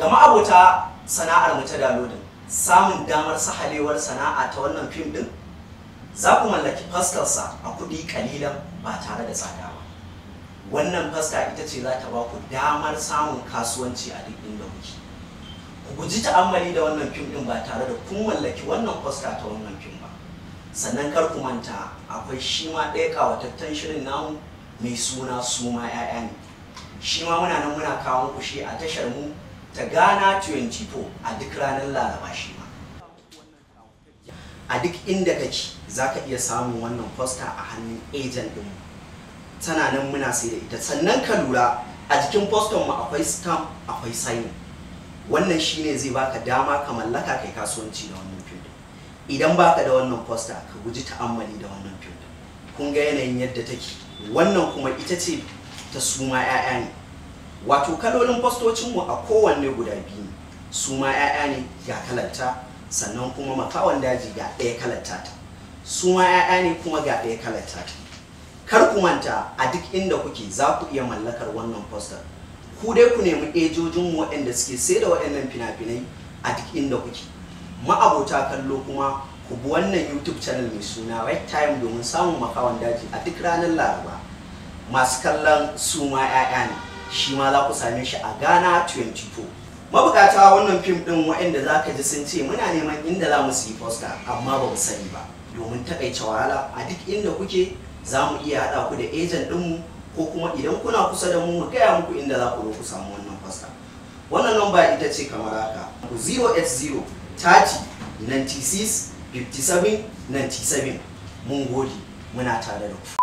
ga ma'abota sana'ar mu ta dalodin samun damar sahalewar sana'a ta wannan fim din za ku mallaki faskarsa a kuɗi kalilan ba tare da tsada ba wannan fasta ita ce za ta ba ku damar samun kasuwanci a duk inda kuke ku guji ta'ammali da wannan fim din ba tare da kun mallaki wannan fasta ta wannan fim ba sannan kar ku manta akwai shi ma ɗaya ƙawataccen shirin namu mai suna suma 'ya'ya ne shi ma muna nan muna kawo ku shi a tashar mu ta gana 24 a duk ranar Laraba shi ma. A duk inda kake za ka iya samun wannan fosta a hannun ejen ɗinmu. Tana nan muna sai da ita sannan ka lura a jikin foston mu akwai stamp akwai sign. Wannan shine zai baka dama ka mallaka kai kasuwanci da wannan fim Idan baka da wannan fosta ka guji ta'ammali da wannan fim Kun ga yanayin yadda take wannan kuma ita ce ta suma 'ya'ya ne. wato kalolin fastocinmu a kowanne guda biyu su ma 'ya'ya ne ga kalarta sannan kuma makawan daji ga ɗaya kalarta ta su ma 'ya'ya ne kuma ga ɗaya kalarta ta kar ku manta a duk inda kuke za ku iya mallakar wannan fostar ku dai ku nemi ejojin waɗanda suke sai da waɗannan fina-finai a duk inda kuke ma'abota kallo kuma ku bi wannan youtube channel mai suna right time domin samun makawan daji a duk ranar laraba masu kallon su ma 'ya'ya ne shi ma za ku same shi a Ghana 24 mabukata wannan fim ɗin waɗanda za ka ji sun ce muna neman inda za mu siyi fosta amma ba mu sani ba domin takaice wahala a duk inda kuke za mu iya haɗa ku da ejan ɗinmu ko kuma idan kuna kusa da mu mu gaya muku inda za ku ku samu wannan fosta wannan lamba ita ce kamar haka 080 30 96 57 97 mun gode muna tare da ku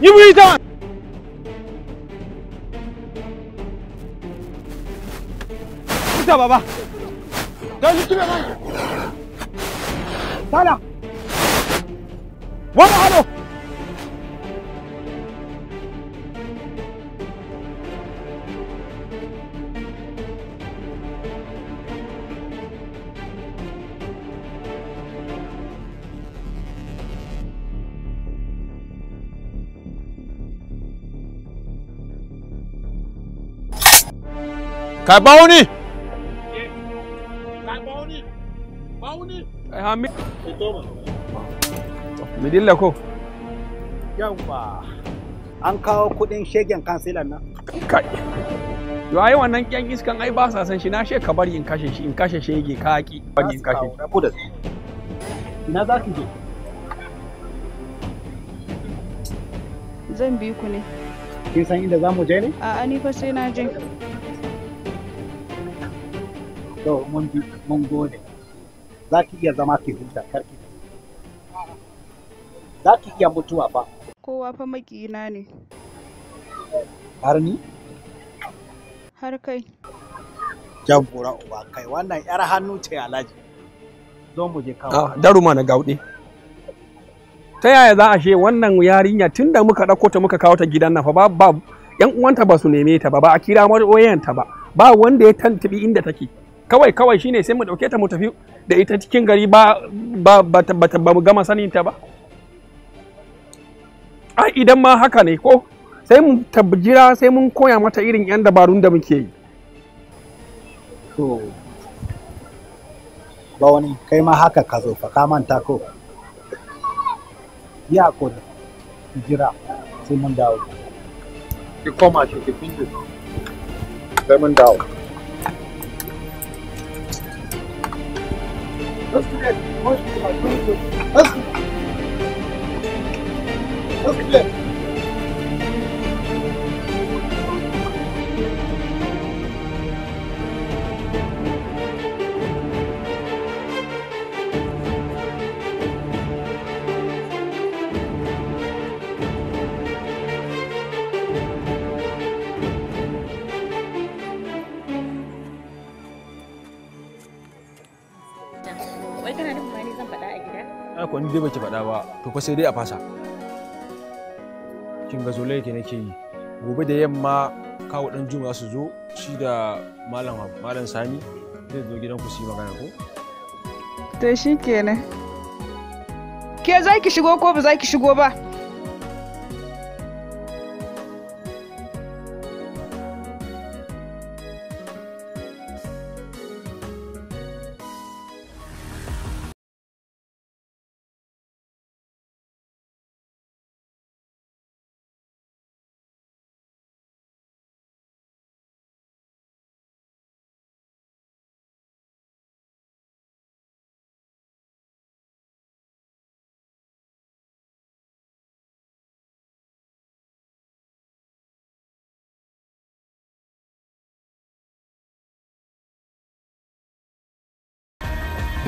你不回家？回家吧吧，赶紧去那边。哪我们还走？Ka Bauni! Kai Bauni! Bauni! Kai eh, Hamid! ko? yawa An kawo kuɗin shegen kansilan nan. Kai! Yo ai wannan kyan iskan ai ba sa san shi na she ka bari in kashe shi in kashe shege ka haƙi. bari in kashe Ina za ki je? Zan bi ku ne. Kin san inda za mu je ne? A'a ni fa sai na je. to mun bi, mun gode za ki iya zama ki huta karki za ki iya mutuwa ba. kowa fa makiyina ne har ni har kai jan gora uba kai wannan yar hannu ce alhaji zo mu je kawo ah, daruma na gauɗe ta yaya za a she wannan yarinya tun da muka ɗauko ta muka kawo ta gidan nan fa ba ba yan uwanta ba su neme ta ba ba a kira wayan ta ba ba wanda ya tantabi inda take kawai kawai shine sai mu dauke ta mu tafi da ita cikin gari ba ba ba ba mu gama sanin ta ba ai idan ma haka ne ko sai mu tabbjira sai mun koya mata irin yan dabarun da muke yi to ba wani kai ma haka ka zo fa ka manta ko ya ko jira sai mun dawo ki koma ki ki sai mun dawo Özgürler, hoş bulduk. Özgürler. Özgürler. in dai baki faɗa ba to fa sai dai a fasa kin ga zolai ke nake yi gobe da yamma kawo dan juma su zo shi da malam malam sani zai zo gidan ku su yi magana ko to shikenan ke za ki shigo ko ba za ki shigo ba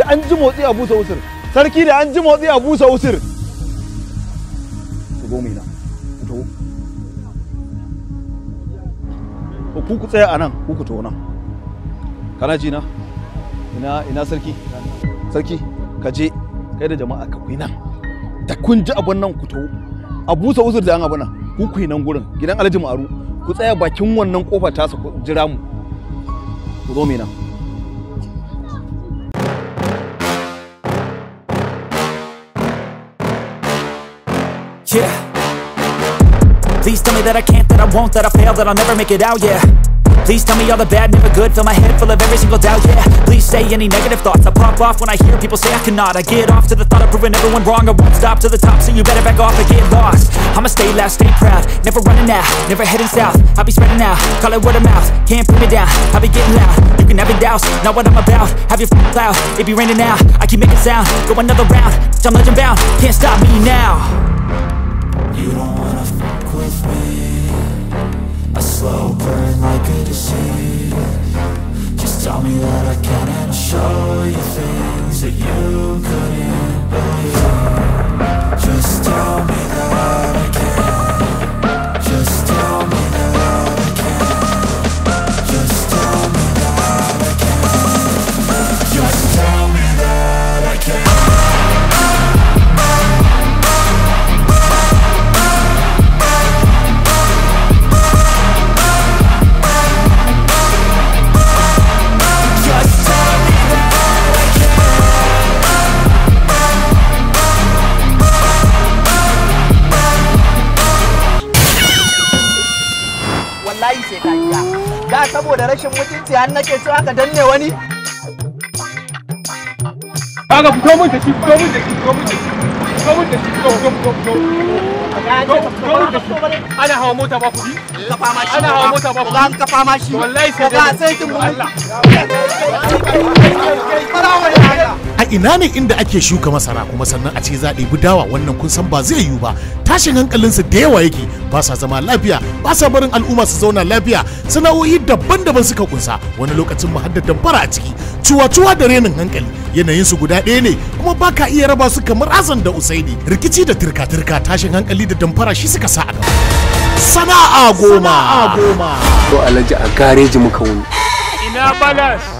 da an ji motsi a busa usur sarki da an ji motsi a busa usur ku zo na ku taho ku ku tsaya a nan ku ku taho nan kana ji na ina ina sarki sarki ka je kai da jama'a ka kuyi nan da kun ji abun nan ku taho a busa usur da an abu nan ku kuyi nan gurin gidan alhaji ma'aru ku tsaya bakin wannan kofa ta jira mu ku zo mina nan yeah Please tell me that I can't, that I won't, that I fail, that I'll never make it out, yeah Please tell me all the bad, never good Fill my head full of every single doubt, yeah Please say any negative thoughts I pop off when I hear people say I cannot I get off to the thought of proving everyone wrong I won't stop to the top, so you better back off and get lost I'ma stay loud, stay proud Never running out, never heading south I'll be spreading out, call it word of mouth Can't put me down, I'll be getting loud You can have it douse, not what I'm about Have your f***ing cloud, it be raining now I keep making sound, go another round Bitch, I'm legend bound, can't stop me now you don't wanna fuck with me A slow burn like a deceit. Just tell me that I can and I'll show you things that you couldn't believe Just tell me that I can an nake so aka danne wani kaga fito mun da shi fito mun da shi fito mun da shi fito mun da shi fito ana hawa mota ba kuɗi ana hawa mota ba kuɗi kafa ma wallahi sai sai tun mun Allah a ina ne inda ake shuka masara kuma sannan a ce za a dawa wannan kun san ba zai yiwu ba tashin hankalinsu da yawa yake ba sa zama lafiya ba sa barin al'umma su zauna lafiya sana'o'i daban-daban suka kunsa wani lokacin muhaddar damfara a ciki cuwa-cuwa da renin hankali yanayin su guda ɗaya ne kuma ba ka iya raba su kamar azan da usaini rikici da turka-turka tashin hankali da damfara shi suka sa a gaba sana'a goma sana'a goma to alhaji a gareji muka wuni ina balas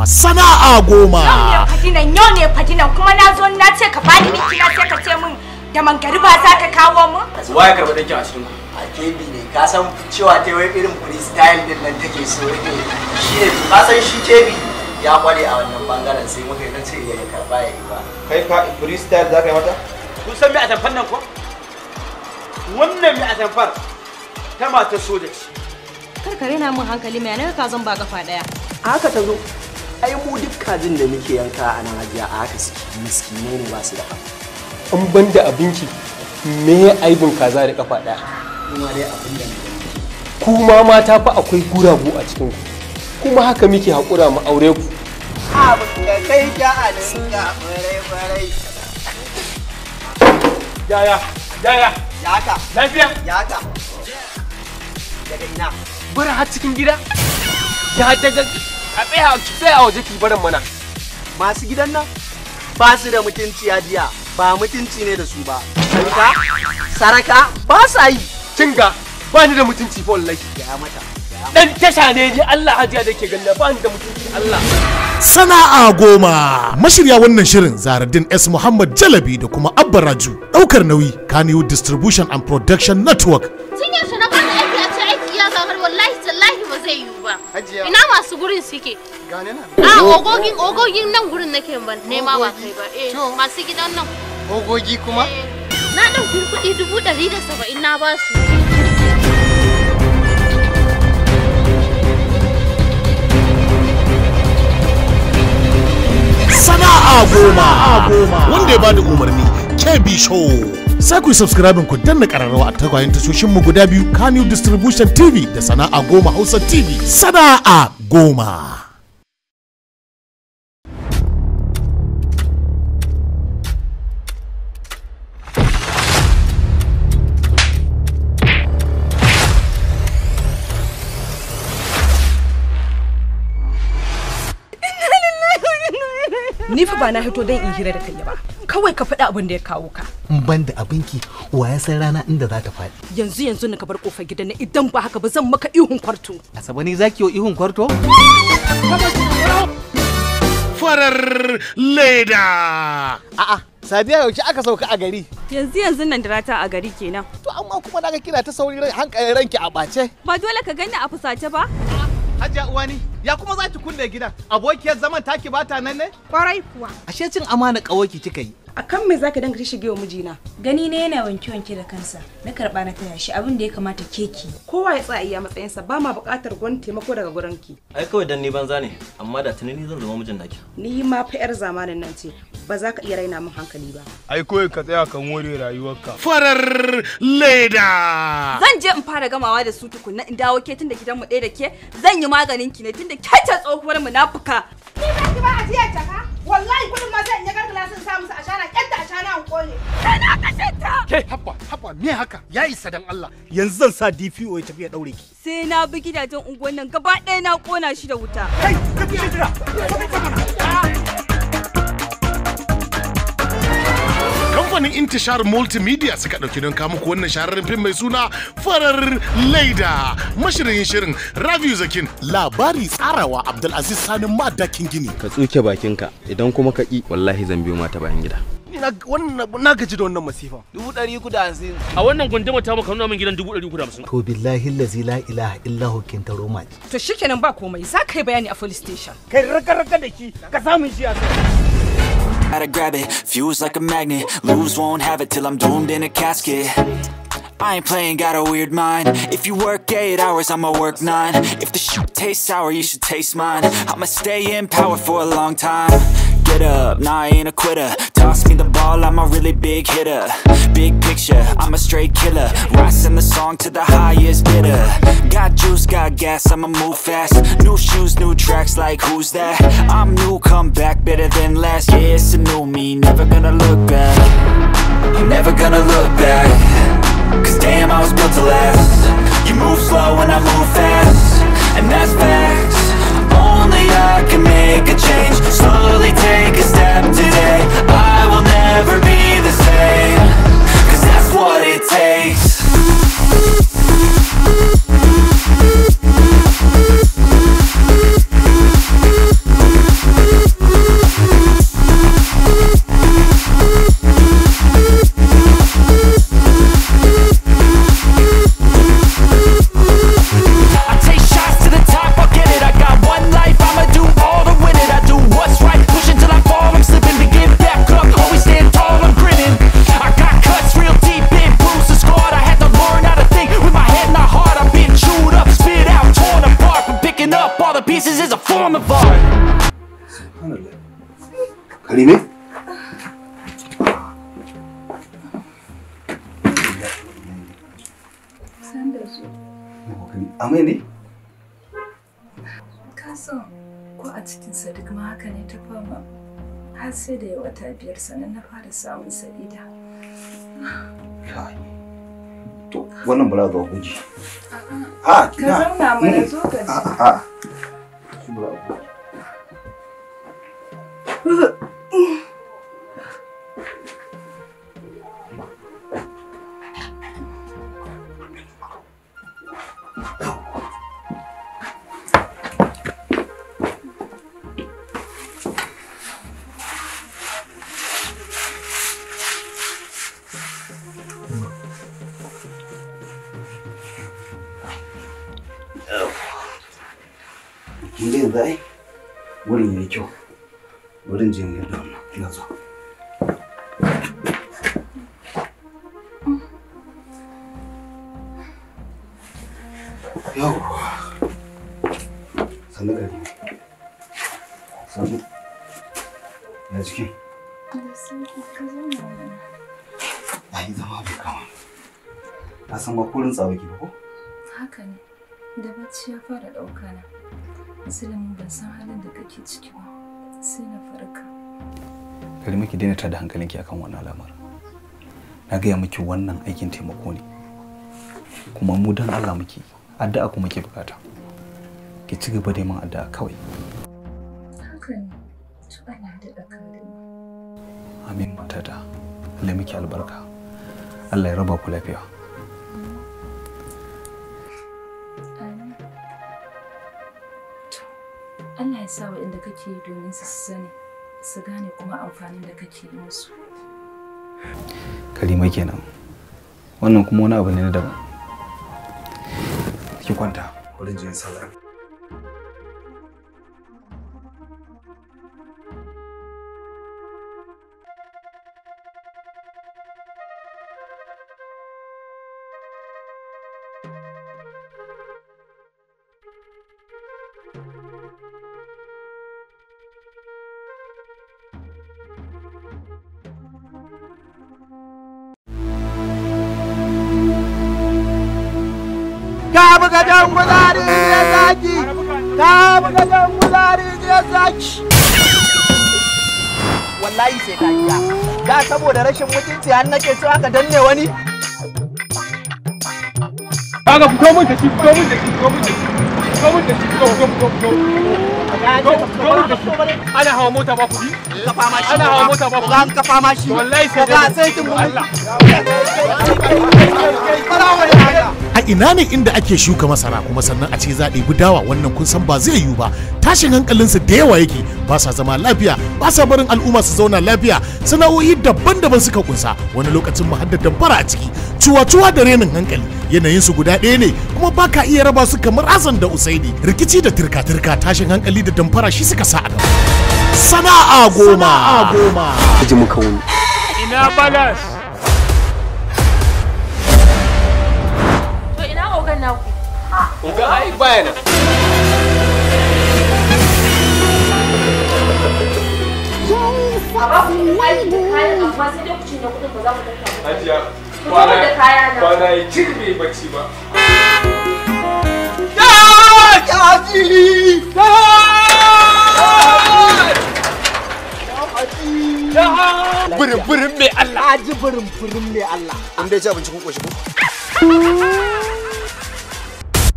goma sana'a goma yau ne fadinan yau ne fadinan kuma na zo na ka bani miki na sai ka da mangari ba za ka kawo mu zuwa ya karɓi dankin a cikin ku a kebi ne ka san cewa ta wai irin freestyle din nan take so shi ne ka san shi kebi ya kware a wannan bangaren sai muka yi ce ya karɓa ya yi ba kai fa freestyle za ka yi mata kun san me a tamfan nan ko wannan me a tamfar ta mata soja ce karkare na mun hankali mai yanar ka zan ba kafa daya a haka ta zo ai mu duk kajin da muke yanka a nan hajiya a haka su miskinai ne ba su da haka. An ban da abinci me ya aibin kaza da kafa ɗaya kuma dai abin da kuma mata fa akwai guragu a cikin ku kuma haka muke haƙura mu aure ku kai ja a dinga barai yaya yaya yaka lafiya yaka daga ina bura har cikin gida ya daga a tsaya waje mana masu gidan nan ba su da mutunci a jiya ba mutunci ne da su ba sarka saraka ba sa yi cinga ba ni da mutunci fa wallahi ya mata dan tasha ne ji Allah hajiya da ke ganna ba ni da mutunci Allah sana'a goma mashirya wannan shirin zaradin s muhammad jalabi da kuma abba raju daukar nauyi kaniyu distribution and production network Hajiya. Ina masu gurin suke? Gane nan. A ah, ogogin ogogin nan gurin nake ban nema ba kai ba. Eh masu gidan nan. Ogogi kuma? Eh, na ɗauki kuɗi dubu dari da saba'in na ba su. Sana'a goma, wanda ya bada umarni, KB Show. sai ku yi subscribe ku danna kararrawa a tagwayen tashoshin mu guda biyu Kanu Distribution TV da Sana'a Goma Hausa TV. Sana'a Goma. Ni fa ba na hito don in hira da kai ba. kawai ka faɗi abin da ya kawo ka in ban da abinki wa ya san rana inda za ta faɗi yanzu yanzu na ka bar kofar gidana na idan ba haka ba zan maka ihun kwarto asabe ne ki yi ihun kwarto farar leda a'a Sadiya yaushe aka sauka a gari? Yanzu yanzu nan rata a gari kenan. To amma kuma naga kina ta sauri hankalin ranki a bace. Ba dole ka gani a fusace ba? Hajiya uwani, ya kuma za ki kunne gidan? Abokiyar zaman taki bata nan ne? Kwarai kuwa. Ashe cin amana kawai kika yi. akan me zaka danka shige wa mijina gani ne yana wanke wanke da kansa na karba na taya shi abin da ya kamata keki kowa ya tsaya iya matsayin sa ba bukatar buƙatar gwani taimako daga gurin ki ai kawai dan ni banza ne amma da tunani zan zama mijin naki ni ma fa yar zamanin nan ce ba za ka iya raina min hankali ba ai kawai ka tsaya kan more rayuwarka farar leda zan je in fara gamawa da su tukunna in dawo ke tunda gidan mu ɗaya da ke zan yi maganin ki ne tunda ke ta tsohuwar munafuka ni ba ki ba a jiya jaka wallahi kudin ma sai in ya sa musu ashana kyatta ashana an kone na kashe ta ke habba habba me haka ya isa dan Allah yanzu zan sa DPO ya tafi ya daure ki sai na bi gidajen unguwan nan gaba ɗaya na kona shi da wuta kai ka fi jira ka kamfanin intishar multimedia suka ɗauki don kamu wannan shahararren fim mai suna farar laida mashirin shirin raviyu zakin labari tsarawa abdulaziz sani madakin gini ka tsuke bakinka idan kuma ka ƙi wallahi zan biyo mata bayan gida na gaji da wannan masifa dubu ɗari uku da hamsin a wannan gunduma ta maka nuna min gidan dubu ɗari uku da hamsin to billahi lazi la ilaha illa hukin ta roma to shikenan ba komai za ka yi bayani a police station kai raka raka da ki ka samu shi a gotta grab it, fuse like a magnet Lose, won't have it till I'm doomed in a casket I ain't playing, got a weird mind If you work 8 hours, I'ma work 9 If the shoot tastes sour, you should taste mine I'ma stay in power for a long time get up, nah I ain't a quitter Toss me the ball, I'm a really big hitter Big picture, I'm a straight killer Rising the song to the highest bidder Got juice, got gas, I'ma move fast New shoes, new tracks, like who's that? I'm new, come back, better than last Yeah, it's a new me, never gonna look back I'm never gonna look back Cause damn, I was built to last You move slow and I move fast And that's facts Only I can make a change Slowly take a step today I will never be zo. Amai ne? Kasan ko a cikin Sadiq ma haka ne ta fama. Har sai da ya wata biyar sannan na fara samun sa'ida. To, wannan ba za guji. A, ah, ka zauna mana hmm. zo ka ji. A, a, rantsa baki ki, ko? Haka ne. Da bacci ya fara ɗauka na. Musulmi ban san halin da kake ciki ba. Sai na farka. Kalma ki daina tada hankalinki akan wannan al'amarin. Na gaya miki wannan aikin taimako ne. Kuma mu dan Allah muke addu'a kuma ke bukata. Ki ci gaba da yin addu'a kawai. Haka ne. Allah da Amin matata. Allah miki albarka. Allah ya raba ku lafiya. Allah ya sa wa inda kake yi domin su sani su gane kuma amfanin da kake yi musu. Kalima kenan. Wannan kuma wani abu ne na daban. Ki kwanta, wurin jiyan sallah. buga jan guzari je zaki. Wallahi sai ka iya. Da saboda rashin mutunci har nake so aka danne wani. Kaga fito mun da shi, fito mun da shi, fito mun da shi. Fito mun da shi, fito fito fito fito. Ana hawa mota ba kuɗi? Kafa ma shi. Ana hawa mota ba kuɗi? ka fa ma shi. Wallahi sai ka. Ga sai kin mun. Allah. Fara wani Allah. a ina ne inda ake shuka masara kuma sannan a ce za gudawa, wannan kun san ba zai yiwu ba tashin hankalinsu da yawa yake ba sa zama lafiya ba sa barin al'umma su zauna lafiya sana'o'i daban-daban suka kunsa wani lokacin mu hadda damfara a ciki cuwa-cuwa da renin hankali yanayin su guda ɗaya ne kuma ba ka iya raba su kamar azan da usaini rikici da turka-turka tashin hankali da damfara shi suka sa a gaba sana'a goma ina balas nan naku ga ai baya nan Hajiya, kwana yi cin se bacci ba. Ya kaji! Birin birin mai Allah! Aji birin birin mai Allah! An dai ci abinci kun ƙoshi ko?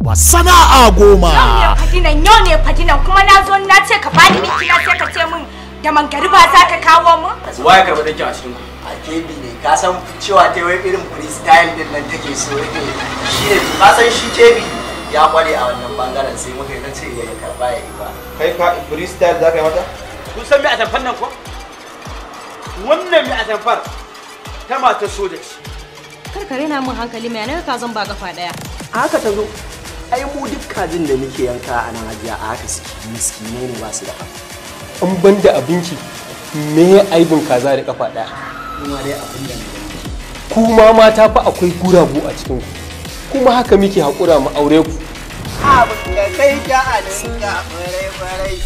wasana sana'a goma yau ne fadinan yau ne fadinan kuma na zo na ce ka bani miki na ce ka ce min da mangariba za ka kawo mu waye karba dake a cikin ku a kebi ne ka san cewa ta wai irin freestyle din nan take so yake eh, eh. shi ne ka san shi kebi ya kware a wannan bangaren sai muka yi na ce ya karba ya yi ba kai ka freestyle za ka yi mata kun san me a tamfan nan ko wannan me a tamfar ta matar soja ce kar ka rena min hankali mai yanar ka zan ba gafa daya a haka ta zo ai mu duk kajin da muke yanka a nan hajiya a haka suke miski ne ba su da kafa an ban da abinci me aibin kaza da kafa daya kuma dai abin da kuma mata fa akwai guragu a cikin ku kuma haka muke hakura mu aure ku a ba ka kai ja a ninka farai farai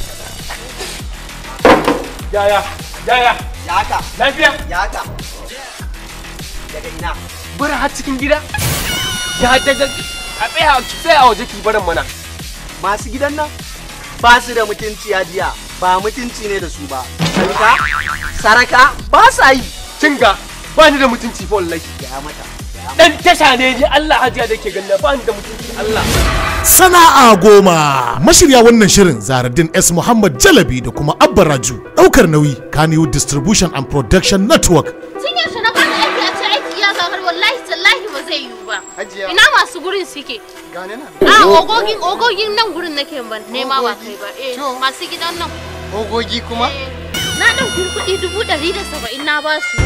yaya yaya yaka lafiya yaka daga ina bura har cikin gida ya daga a tsaya sai a waje ki mana masu gidan nan ba su da mutunci a jiya ba mutunci ne da su ba saraka ba sa yi cinga ba ni da mutunci fa wallahi ya mata dan tasha ne ji Allah hajiya da ke galla ba ni da mutunci Allah sana'a goma mashirya wannan shirin zaradin s muhammad jalabi da kuma abba raju daukar nauyi kaniyu distribution and production network sun Hajiya. Ina masu gurin suke? Gane nan. A ah, ogogin ogogin nan gurin nake ban nema ba kai ba. Eh masu gidan nan. Ogogi kuma? Eh, na dan kurkudi dubu dari da saba'in na ba su.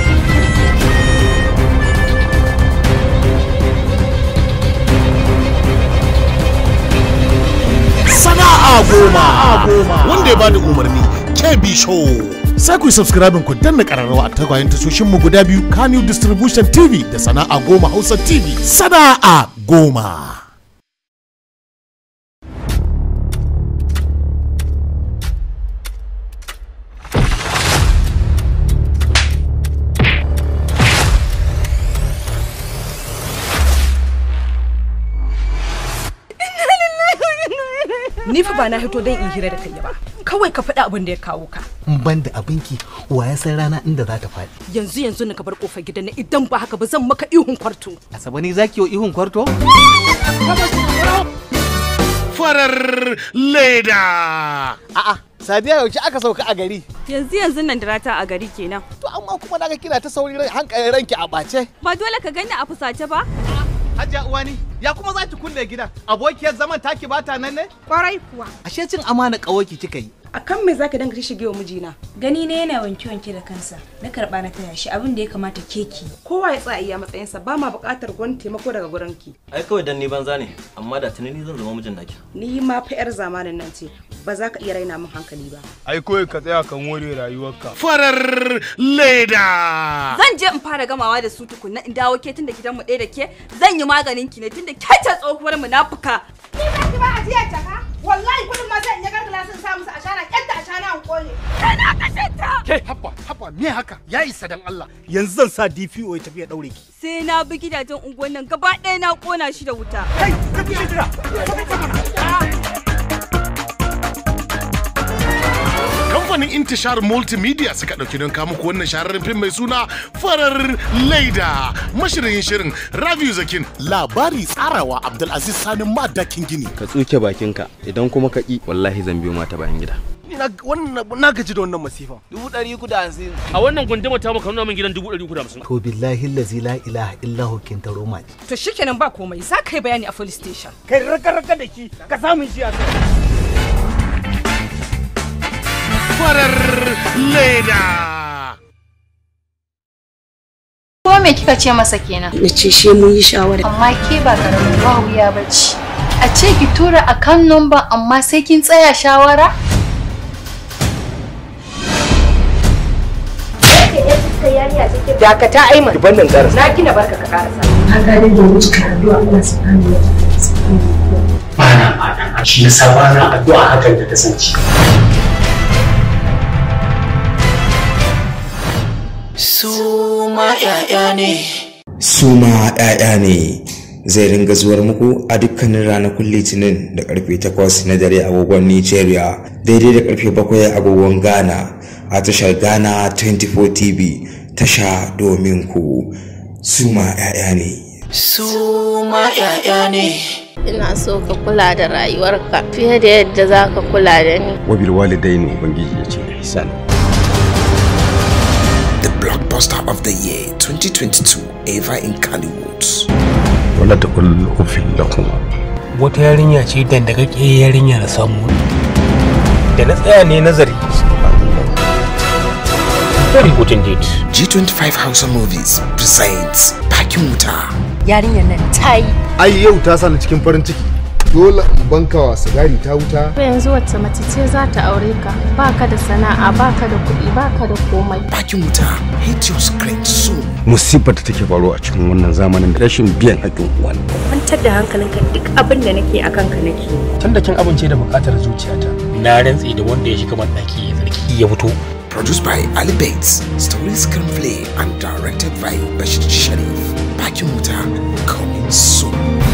Sana'a goma, wanda ya bada umarni, KB Show. sai ku yi subscribing ku danna kararrawa a tagwayen tashoshin mu guda biyu Kanu Distribution TV da Sana'a Goma Hausa TV. Sana'a Goma. Ni fa ba na hito don in hira da kai ba. kawai ka faɗi abin da ya kawo ka in ban da abinki wa ya san rana inda za ta faɗi yanzu yanzu na ka bar kofar gidan na idan ba haka ba zan maka ihun kwarto asaba ne zaki yi ihun kwarto farar leda a'a Sadiya yaushe aka sauka a gari? Yanzu yanzu nan da rata a gari kenan. To amma kuma na ga kina ta sauri hankali eh, ranki a ɓace. Ba dole ka gani a fusace ba? Hajiya uwani, ya kuma za ki kunne gidan? Abokiyar zaman taki bata nan ne? Kwarai kuwa. Ashe cin amana ki kika yi. akan me zaka danga shige wa mijina gani ne yana wanke wanke da kansa na karba na taya shi abin da ya kamata keki kowa ya tsaya iya matsayinsa ba ma buƙatar gwani taimako daga gurin ki ai kawai dan ni banza ne amma da tuni ni zan zama mijin naki ni ma fa yar zamanin nan ce ba za ka iya raina min hankali ba ai kawai ka tsaya kan ware rayuwarka farar leda zan je in fara gamawa da su tukunna in dawo ke tunda gidan mu ɗaya da ke zan yi maganin ki ne tunda ke ta tsohuwar munafuka ni ba ki ba a jiya jaka wallahi kudin ma zan yi gargala sun sa musu ashara na na kone. ta. haba haba me haka ya isa dan Allah yanzu zan sa DPO ya tafi ya daure ki. Sai na bi gidajen unguwan nan gaba ɗaya na kona shi da wuta. Kai ka bi jira. Ka kamfanin intishar multimedia suka ɗauki don kamu ku wannan shahararren fim mai suna farar laida mashirin shirin rabiu zakin labari tsarawa abdulaziz sani madakin gini ka tsuke bakinka idan kuma ka ƙi wallahi zan biyo mata bayan gida na gaji da wannan masifa. Dubu ɗari uku da hamsin. A wannan gundumar ta maka nuna min gidan dubu ɗari uku da hamsin. To billahi lazi la ilaha illa hukin ta roma. To shikenan ba komai za ka yi bayani a police station. Kai raka raka da ki ka samun shi a kai. farar leda. Ko me kika ce masa kenan? Na ce shi mun yi shawara. Amma ke ba karamin wahuya ba ce. A ce ki tura akan nomba amma sai kin tsaya shawara? Dakata Aiman. Ki bannin garas. Na gina barka ka karasa. Na gane da wuce karatu a Allah subhanahu wa ta'ala. Bana fatan shi na sabana addu'a hakan ta kasance. Suma ƴaƴa ne Suma ƴaƴa ne zai ringa zuwar muku a dukkanin ranakun litinin da karfe 8 na dare agogon nigeria daidai da karfe 7 agogon ghana a tashar ghana 24 tv tasha domin ku suma ne Suma ƴaƴa ne ina so ka kula da rayuwarka fiye da yadda za ka kula da ni wabil walidai ne ubangiji ya ce ihsan poster of the year 2022 ever in Kannywood. Wala ta kullu fil lakum. Wata yarinya ce dan da kake yarinya na samu. Da na tsaya ne nazari. Very good indeed. G25 Hausa Movies presents Bakin Wuta. Yarinya nan ta yi. Ai yau ta sani cikin farin ciki. dole in bankawa sigari ta wuta. yanzu wacce mace ce za ta aure ka, ba ka da sana'a, ba ka da kuɗi, ba ka da komai. Bakin wuta your great so Musibar da take faruwa a cikin wannan zamanin rashin biyan haƙƙin uwan. Kwantar da hankalinka duk abin da nake a kanka nake. tunda da kin amince da buƙatar zuciyata, na rantsi da wanda ya shiga ɗaki ya tsarki ya fito. Produced by Ali Bates, story screenplay and directed by Bashir Sharif. Bakin wuta coming soon.